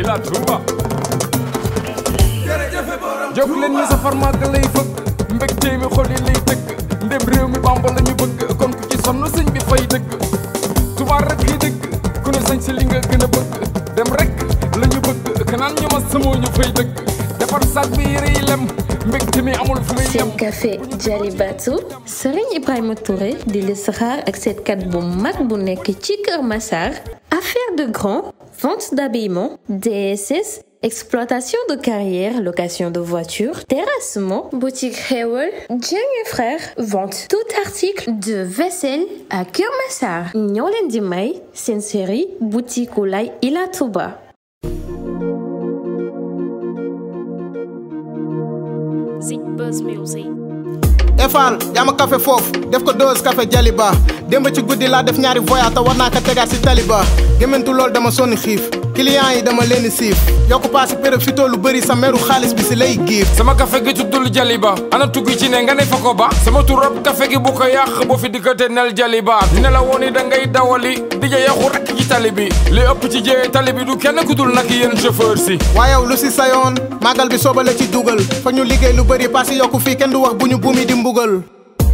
di la Touba. jóg lay fëgg mbégte mi xol lay tëgg ndem réew mi Bàmba la bëgg kon ku ci sonn sëñ bi fay dëgg. tubaar rek yi dëgg ku ne sañ si li nga gën bëgg dem rek la bëgg kanaan ñu ma samoo ñu fay dëgg defar saag bi yére yi lem. seen café Jalibatu Serigne Ibrahima Touré di lis ak seetkat bu mag bu nekk ci Kër Massar Affaires de grands, vente d'habillement, DSS, exploitation de carrière, location de voitures, terrassement, boutique Hewell, Jane et frères, vente. Tout article de vaisselle à Kermassar. Nyolendimai, Senseri, boutique Olay Ilatuba. c'est Buzz Music. café fof, démb ci guddi laa def ñaari voyage te war naa ko tegaat si taliba gémmantu loolu dama sonni xiif clients yi dama leen siif yokku paas profito lu bëri sa meru xaalis bi si lay giif sama kafe gi tuddul jaliba ana tuggi ci ne nga ne fa ko ba sama turab kafe gi bu ko yàq boo fi dikkate nel jaliba dina la woon ni da ngay dawali dija yaxu rek ci tali bi li ëpp ci jëyee tali bi du kenn ku dul nag yéen chauffeur si waaye yow lu si sa yoon màggal bi soobale ci dugal fa ñu liggéey fii kenn du wax bu ñu buumi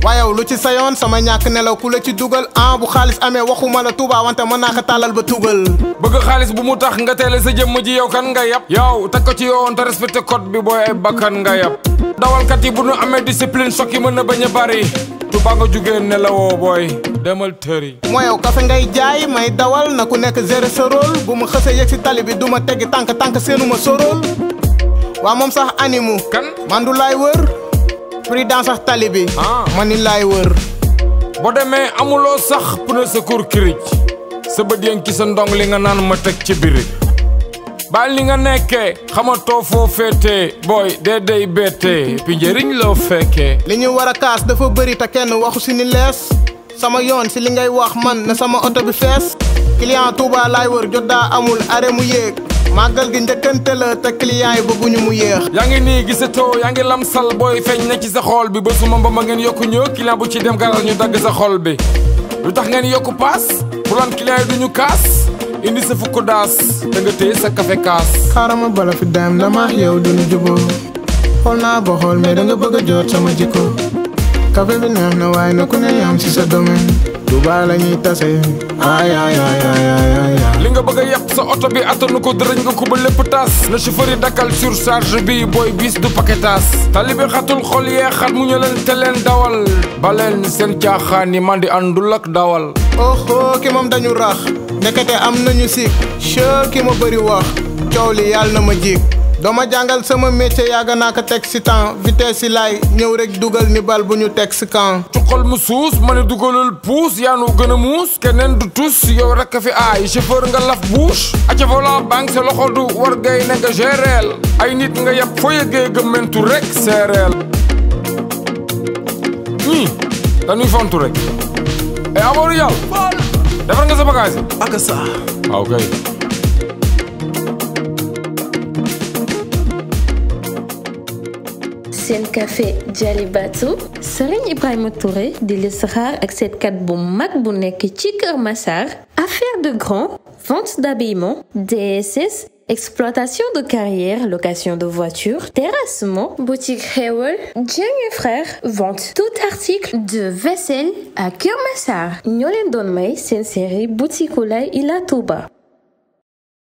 waaye lu ci sayon sama ñak nelaw ku la ci duggal ah bu xaliss amé waxuma la tuuba wante man na ko tàllal ba tugal bëgg xaliss bu mu tax nga teele sa jëm ji yow kan nga yap yow teg ko ci yoon ta respecté code bi boy ay bakkan nga dawal kat yi bu nu amé discipline soki mëna baña bari tuba nga juggé nelawoo boy demal tëri mooy yow fa ngay jaay may dawal na ku nekk zéro sa rôle bu mu xasse yek ci tali duma du tank tank tànk tànk sorol wa mom sax animu kan man du lay wër prudent sax tali mani man ni laay wër boo demee amuloo sax pneu secours kirij sa bët yéen ki sa ndong li nga nan ma teg ci biri baal li nga nekkee xamatoo foo féetee booy dee dey beetee bi njëriñ loo fekkee li ñu kaas dafa bëri te kenn waxu si ni lees sama yoon si li ngay wax man na sama oto bi fees client Touba laay wër amul are mu yéeg magal gi njëkkantel te client yi bëgguñu mu yeex yaa ngi nii gisatoo yaa ngi sal booy feeñ na ci sa xol bi ba suma mba ma ngeen yokku ñëw client bu ci dem garal ñu dagg sa xol bi lu tax ngeen yokku pass pour lan client yi duñu kaas indi sa fukk daas da nga téye sa café kaas karama bala fi dem dama yow duñu jubo xol naa ba xool mais da nga bëgg a sama jikko café bi neex na waaye na ku ne si sa domaine Touba la tase ay li nga bëgg a yàpp sa oto bi attanu ko dërëñ nga ko ba lépp taas na chauffeur yi dakkal surcharge bi booy bis du paquetage tali bi xatul xol yee xat mu ñu te leen dawal baleen seen caaxaan yi man di àndul ak dawal oho oh, ki dañu rax nekkate am nañu sikk cheur ki ma bëri wax coow li yàlla na ma jik ma jàngal sama métier yàgg naa ko teg si temps vitesse yi laay ñëw rek dugal ni bal bu ñu teg si camp. cuqal mu suus ma ne dugalul puus yaa nu gën a muus keneen du tus yow rek fi aay chauffeur nga laf bouche. aca volant banque sa loxo du war gay ne nga ay nit nga yab foo yëgee gëmmentu rek séeréel. ñii hmm, dañuy fontu rek. e Amadou Yàlla. defar nga sa bagage. ak saa. Ah, seen café Jalibatu Serigne Ibrahima Touré di les avec cette carte bu mag bu nekk ci Massar affaire de grand vente d'habillement DSS exploitation de carrière, location de voitures, terrassement, boutique Hewell, Jeng et Frères vente tout article de vaisselle à Kermassar. Nyolen Donmay, c'est une série Boutique Olay Ilatoba.